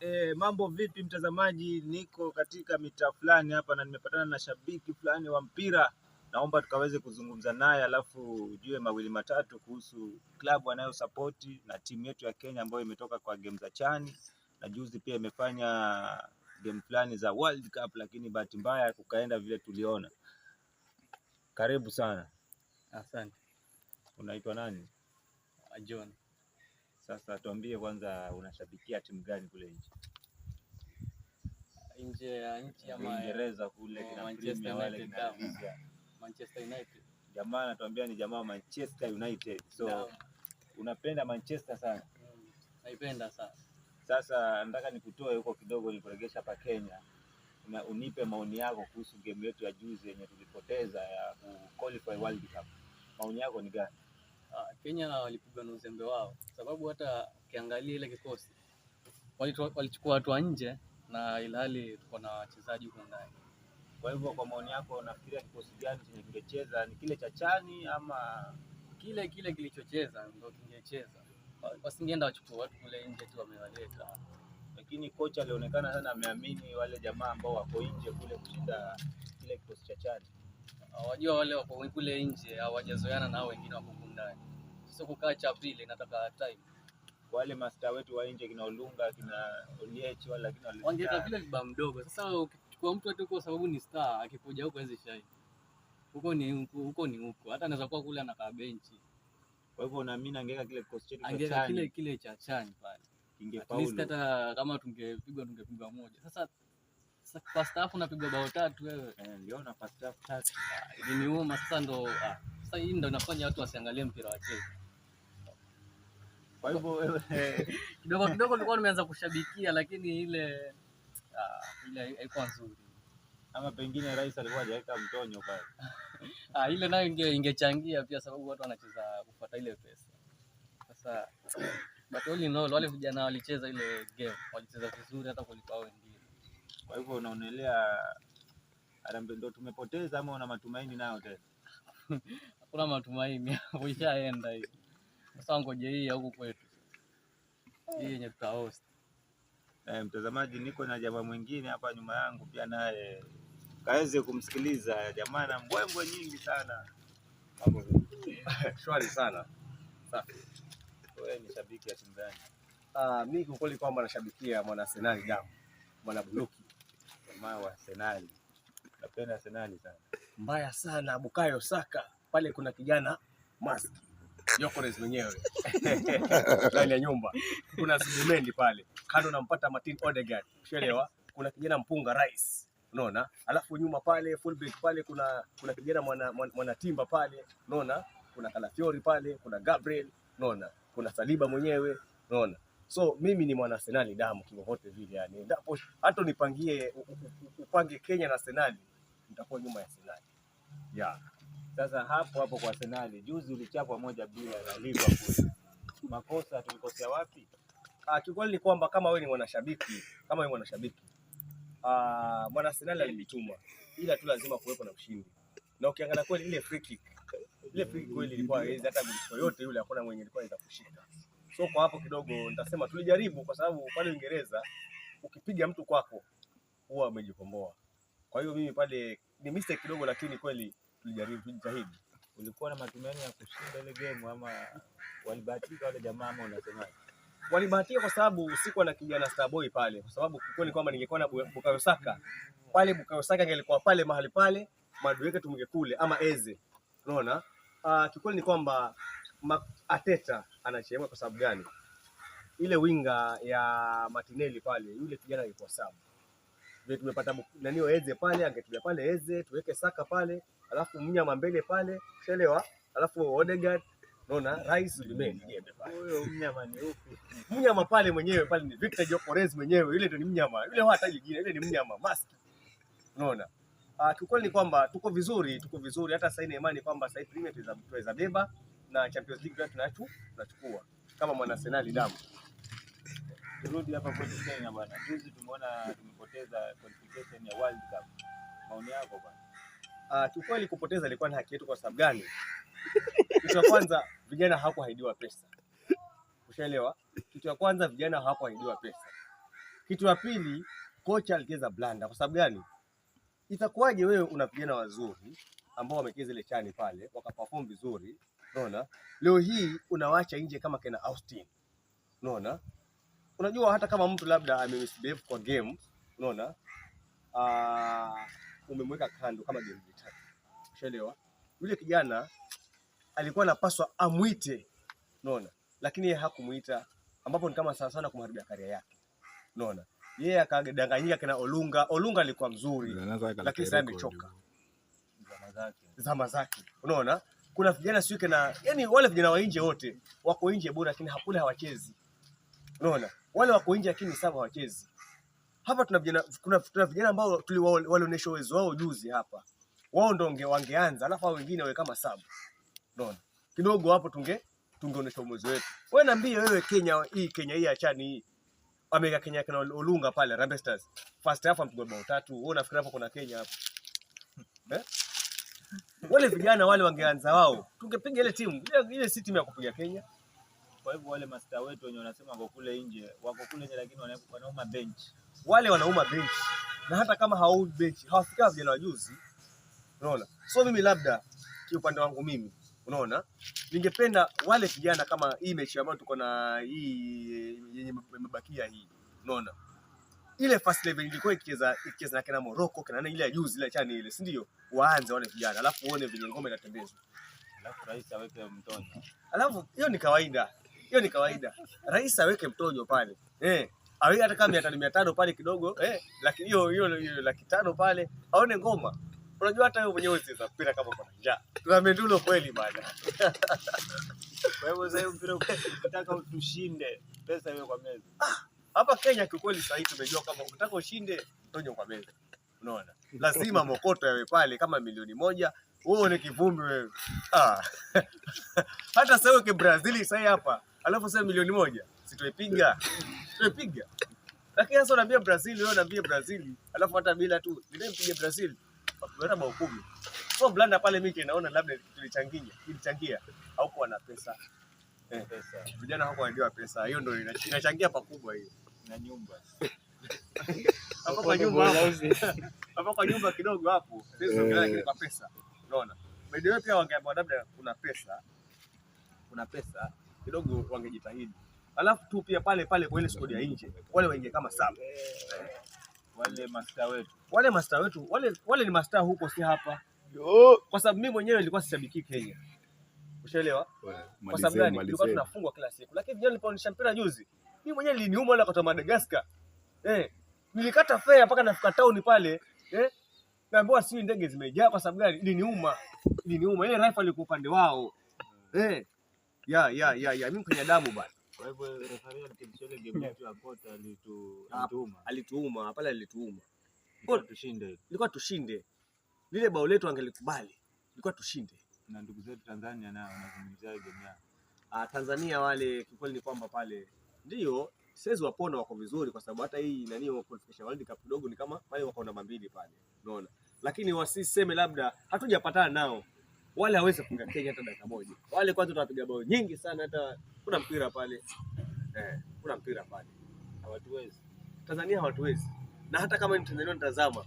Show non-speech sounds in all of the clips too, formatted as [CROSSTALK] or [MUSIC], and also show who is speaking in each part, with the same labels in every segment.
Speaker 1: E, mambo vipi mtazamaji, niko katika mitaa fulani hapa na nimepatana na shabiki fulani wa mpira, naomba tukaweze kuzungumza naye, alafu ujue mawili matatu kuhusu klabu anayosapoti na timu yetu ya Kenya ambayo imetoka kwa game za chani na juzi pia imefanya game fulani za World Cup, lakini bahati mbaya kukaenda vile tuliona. Karibu sana. Asante. Unaitwa nani? John. Sasa tuambie kwanza, unashabikia timu gani kule nje
Speaker 2: nje ya nchi ama
Speaker 1: Uingereza kule kina Manchester wale kina
Speaker 2: Manchester United?
Speaker 1: Jamaa anatuambia ni jamaa Manchester United, so unapenda Manchester sana? Mm,
Speaker 2: naipenda sana.
Speaker 1: Sasa nataka nikutoe huko kidogo, nikuregesha hapa Kenya na unipe maoni yako kuhusu game yetu ya juzi yenye tulipoteza ya ku qualify World Cup. Maoni yako ni gani?
Speaker 2: Ah, Kenya walipigwa na uzembe wao, sababu hata ukiangalia ile kikosi walichukua watu wa nje na ilhali tuko na wachezaji huko ndani.
Speaker 1: Kwa hivyo, kwa maoni yako, unafikiria kikosi gani chenye kingecheza? Ni kile cha chani ama
Speaker 2: kile kile kilichocheza ndio kingecheza? Wasingeenda wachukua watu kule nje tu wamewaleta,
Speaker 1: lakini kocha alionekana sana ameamini wale jamaa ambao wako nje kule kushinda kile kikosi cha chani
Speaker 2: wajua wale wako kule nje hawajazoeana na wengine wako ndani. Sasa kukaa cha pili nataka time.
Speaker 1: Wale masta wetu wa nje kina Olunga kina Oliech wala lakini
Speaker 2: Wangeka vile vibaa mdogo. Sasa ukichukua mtu atakuwa kwa sababu ni star akikuja huko hizi shai. Huko ni huko, huko ni huko. Hata anaweza kuwa kule anakaa benchi.
Speaker 1: Kwa hivyo na mimi angeka kile kikosi chetu
Speaker 2: cha chani. kile kile cha chani pale. Ingefaulu. Hata kama tungepigwa tungepigwa moja. Sasa pastafu first half bao tatu wewe.
Speaker 1: Eh, ndio na first half tatu.
Speaker 2: Iliniuma sasa ndo ah, sasa hii ndo inafanya watu wasiangalie mpira wa Chelsea.
Speaker 1: Kwa hivyo wewe [LAUGHS]
Speaker 2: kidogo kidogo nilikuwa nimeanza kushabikia lakini ile ah, ile haikuwa nzuri.
Speaker 1: Ama pengine rais alikuwa hajaweka mtonyo pale.
Speaker 2: [LAUGHS] ah, ile nayo inge, ingechangia pia sababu watu wanacheza kufuata ile pesa. Sasa but all in all wale vijana walicheza ile game, walicheza vizuri hata kulipa wengi
Speaker 1: kwa hivyo unaonelea Harambee ndo tumepoteza ama una matumaini nayo tena?
Speaker 2: [LAUGHS] Hakuna matumaini, hapo, [LAUGHS] ishaenda hii. Sasa ngoje hii huko kwetu hii eh. yenye tutahost.
Speaker 1: Eh, mtazamaji, niko na jamaa mwingine hapa nyuma yangu pia naye kaweze kumsikiliza jamaa na mbwembwe nyingi sana. [LAUGHS] Shwari sana. Safi. Wewe ni shabiki ya timu gani?
Speaker 2: Ah, mimi kwa kweli kwamba nashabikia mwana Arsenal damu, mwana Buluki
Speaker 1: jamaa wa Arsenal. Napenda Arsenal sana.
Speaker 2: Mbaya sana Bukayo Saka. Pale kuna kijana mask Yokores mwenyewe [LAUGHS] ndani ya nyumba kuna Zubimendi pale kando, nampata Martin Odegaard, ushelewa. Kuna kijana mpunga rais, unaona. Alafu nyuma pale fullback pale kuna kuna kijana mwana, mwana timba pale, unaona. Kuna Kalafiori pale, kuna Gabriel, unaona. Kuna Saliba mwenyewe, unaona. So mimi ni mwana Arsenal damu kivyovyote vile, yani endapo hata nipangie upange Kenya na Arsenal, nitakuwa nyuma ya Arsenal.
Speaker 1: Yeah. Sasa hapo hapo kwa Arsenal, juzi ulichapwa moja bila na Liverpool. Makosa tulikosea wapi?
Speaker 2: Ah, kikweli ni kwamba kama wewe ni mwanashabiki, kama wewe mwanashabiki, ah, mwana Arsenal alijituma, ila tu lazima kuwepo na ushindi. Na ukiangalia kweli ile free kick, ile free kick kweli ilikuwa haiwezi hata mtu yote yule, hakuna mwenye alikuwa anaweza kushika. So kwa hapo kidogo nitasema tulijaribu, kwa sababu pale Uingereza ukipiga mtu kwako huwa umejikomboa. Kwa hiyo mimi pale ni mistake kidogo, lakini kweli tulijaribu, tulijitahidi.
Speaker 1: Ulikuwa na matumaini ya kushinda ile game ama walibahatika wale jamaa ama unasemaje?
Speaker 2: Walibahatika kwa sababu usiku na kijana Starboy pale, kwa sababu kweli kwamba ningekuwa na Bukayo Saka pale, Bukayo Saka angelikuwa pale mahali pale, madueke tumge kule ama eze, unaona. Uh, kikweli ni kwamba Ateta anachemwa kwa sababu gani? Ile winga ya Martinelli pale, yule kijana alikuwa sub. Vile tumepata nani Eze pale, angetulia pale Eze, tuweke Saka pale, alafu mnyama mbele pale, unaelewa? Alafu Odegaard, unaona Rice remain.
Speaker 1: Huyo mnyama ni upi?
Speaker 2: Mnyama pale mwenyewe pale ni Victor Jokorez mwenyewe, yule ndio ni mnyama. Yule hata jingine yule ni mnyama mask. Unaona? Ah, kiukweli ni kwamba tuko vizuri, tuko vizuri hata sasa ina imani kwamba sasa hivi tunaweza beba na Champions League pia tunachu tunachukua kama mwana Arsenal damu.
Speaker 1: Turudi hapa kwa Kenya bwana. Juzi tumeona tumepoteza qualification ya World Cup. Maoni yako bwana?
Speaker 2: Ah, kiukweli kupoteza ilikuwa ni haki yetu kwa sababu gani? Kitu cha kwanza vijana hawakuahidiwa pesa. Ushaelewa? Kitu cha kwanza vijana hawakuahidiwa pesa. Kitu cha pili kocha alicheza blanda kwa sababu gani? Itakuwaje wewe una vijana wazuri ambao wamecheza ile chani pale wakaperform vizuri unaona. Leo hii unawacha nje kama kina Austin, unaona. Unajua hata kama mtu labda amemisbehave kwa game, unaona, ah, umemweka kando kama game vitatu, ushaelewa. Yule kijana alikuwa anapaswa amwite, unaona, lakini yeye hakumuita, ambapo ni kama sana sana kumharibia karia yake, unaona. Yeye akadanganyika kina Olunga. Olunga alikuwa mzuri, lakini sasa amechoka zama zake, unaona kuna vijana siweke kana, yani, wale vijana wa nje wote wako nje bora, lakini hakuna hawachezi. Unaona, wale wako nje lakini sasa hawachezi. Hapa tuna vijana, kuna tuna vijana ambao tuliwaonesha uwezo wao juzi hapa, wao ndio wange, wangeanza, alafu hao wengine wawe kama sabu. Unaona, kidogo hapo tunge tungeonesha uwezo wetu. Wewe niambie wewe, Kenya hii, Kenya hii, achani hii Amerika Kenya kana Olunga pale Harambee Stars. First half ampiga bao tatu. Wewe unafikiri hapo kuna Kenya hapo? Eh? wale vijana wale wangeanza wao, tungepiga ile timu ile, si timu ya kupiga Kenya.
Speaker 1: Kwa hivyo wale masta wetu wenye wanasema wako kule nje, wako kule nje, lakini wanauma bench,
Speaker 2: wale wanauma bench, na hata kama hawaumi bench hawafika vijana wajuzi, unaona. So mimi labda kiupande wangu mimi, unaona, ningependa wale vijana kama hii mechi ambayo tuko na hii yenye mabakia hii, unaona ile first level ilikuwa ikicheza ikicheza na kina Morocco kina ile ya juzi ile chani ile, si ndio? Waanze wale vijana, alafu uone vile ngome inatembezwa,
Speaker 1: alafu rais aweke mtonyo.
Speaker 2: Alafu hiyo ni kawaida, hiyo ni kawaida. Rais aweke mtonyo pale eh, awe hata kama mia tano mia pale kidogo eh, lakini hiyo hiyo laki tano pale aone ngoma. Unajua hata wewe mwenyewe unaweza mpira kama uko na njaa. Tuna mendulo kweli bana.
Speaker 1: Kwa hiyo sasa mpira ukitaka utushinde, pesa iwe kwa meza.
Speaker 2: Ah hapa Kenya kiukweli, sasa hivi tumejua kama ukitaka ushinde tonyo kwa meza. Unaona, lazima mokoto yawe pale, kama milioni moja wewe ni kivumbi wewe. Ah. [LAUGHS] hata sasa wewe Brazil sasa hapa, alafu sasa milioni moja situepiga tuepiga, lakini sasa unaambia Brazil wewe, unaambia Brazil alafu hata bila tu ninayepiga Brazil kwa bao kumi kwa blanda pale, mimi naona labda tulichangia ilichangia, haukuwa na pesa Eh, Vijana hawakuambiwa pesa, hiyo ndio inachangia pakubwa hiyo. Na nyumba [LAUGHS] hapo kwa nyumba hapo [LAUGHS] kwa nyumba kidogo hapo eh. kwa pesa, unaona. By pia wangeambia labda kuna pesa, kuna pesa kidogo wangejitahidi. Alafu tu pia pale pale kwa ile skodi ya nje wale waingie kama saba
Speaker 1: wale masta wetu
Speaker 2: wale masta wetu wale wale ni masta huko, si hapa, kwa sababu mimi mwenyewe nilikuwa sishabiki Kenya Ushaelewa? Kwa sababu gani? Tulikuwa tunafungwa kila siku. Lakini vijana mpira juzi, mimi mwenyewe niliniuma Madagascar. Eh, nilikata fare mpaka nafika town pale. Eh? Naambiwa ndege zimejaa kwa sababu gani? Iliniuma. Iliniuma. Ile ilikuwa upande wao. Eh. Ya ya ya ya mimi kwenye damu bana. alituuma. pale alituuma. tushinde. Ilikuwa tushinde. Lile bao letu angelikubali. Ilikuwa tushinde
Speaker 1: na ndugu zetu Tanzania na wanazungumziaje game
Speaker 2: ah, Tanzania wale kiukweli ni kwamba pale ndio sasa wapona wako vizuri kwa sababu hata hii nani qualification World Cup kidogo ni kama pale wako namba mbili pale. Unaona? Lakini wasiseme labda hatujapatana nao. Wale hawezi kufunga Kenya hata dakika moja. Wale kwanza tunapiga bao nyingi sana hata kuna mpira pale. Eh, kuna mpira pale. Hawatuwezi. Tanzania hawatuwezi. Na hata kama ni Tanzania wanatazama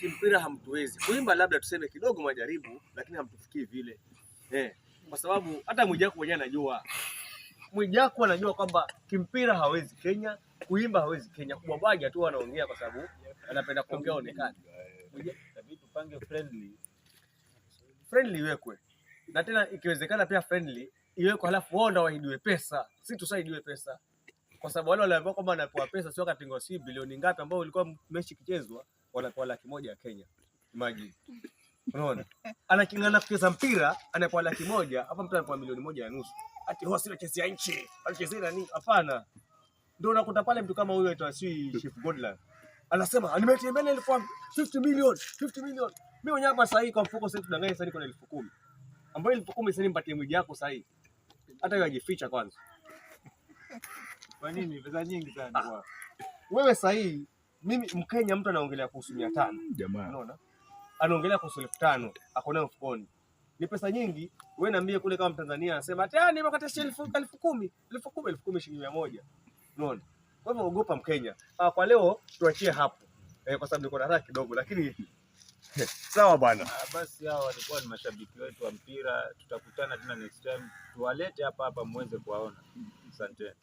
Speaker 2: kimpira hamtuwezi kuimba, labda tuseme kidogo majaribu, lakini hamtufikii vile eh, kwa sababu hata Mwijaku mwenyewe anajua, Mwijaku anajua kwamba kimpira hawezi Kenya, kuimba hawezi Kenya, kubwabaja tu anaongea kwa sababu anapenda kuongea onekana. Friendly friendly iwekwe na tena ikiwezekana pia friendly iwekwe, halafu wao ndio waidiwe pesa, si tusaidiwe pesa, kwa sababu wale waliambiwa kwamba anapewa pesa, sio katingo, si bilioni ngapi ambao ulikuwa mechi kichezwa wanapewa laki moja ya Kenya. Imagine. Unaona? Anakingana kucheza mpira anapewa laki moja, hapa mtu anapewa milioni moja na nusu. Ati hosi oh, sio kesi ya nchi, alichezea nani? Hapana. Ndio unakuta pale mtu kama huyo aitwa si Chief Godland. Anasema nimetembea na ilikuwa 50 million, 50 million. Mimi mwenyewe hapa sasa kwa mfuko sasa tunadanganya sasa niko na elfu kumi. Ambayo elfu kumi sasa nimpatie mwiji yako sasa Hata yeye ajificha kwanza.
Speaker 1: Kwa nini pesa nyingi sana ah. kwa?
Speaker 2: Wewe sasa mimi Mkenya, mtu anaongelea kuhusu mia tano,
Speaker 1: mm, unaona
Speaker 2: anaongelea kuhusu elfu tano ako nayo mfukoni, ni pesa nyingi. Wewe naambie kule kama Mtanzania anasema tani ah, makata elfu kumi elfu kumi elfu kumi shilingi mia moja, unaona. Kwa hivyo ogopa Mkenya. Ah, kwa leo tuachie hapo eh, kwa sababu niko na haraka kidogo, lakini [LAUGHS] sawa bwana.
Speaker 1: Ah, basi hao walikuwa ni mashabiki wetu wa mpira, tutakutana tena next time, tuwalete hapa hapa muweze kuwaona. Asante.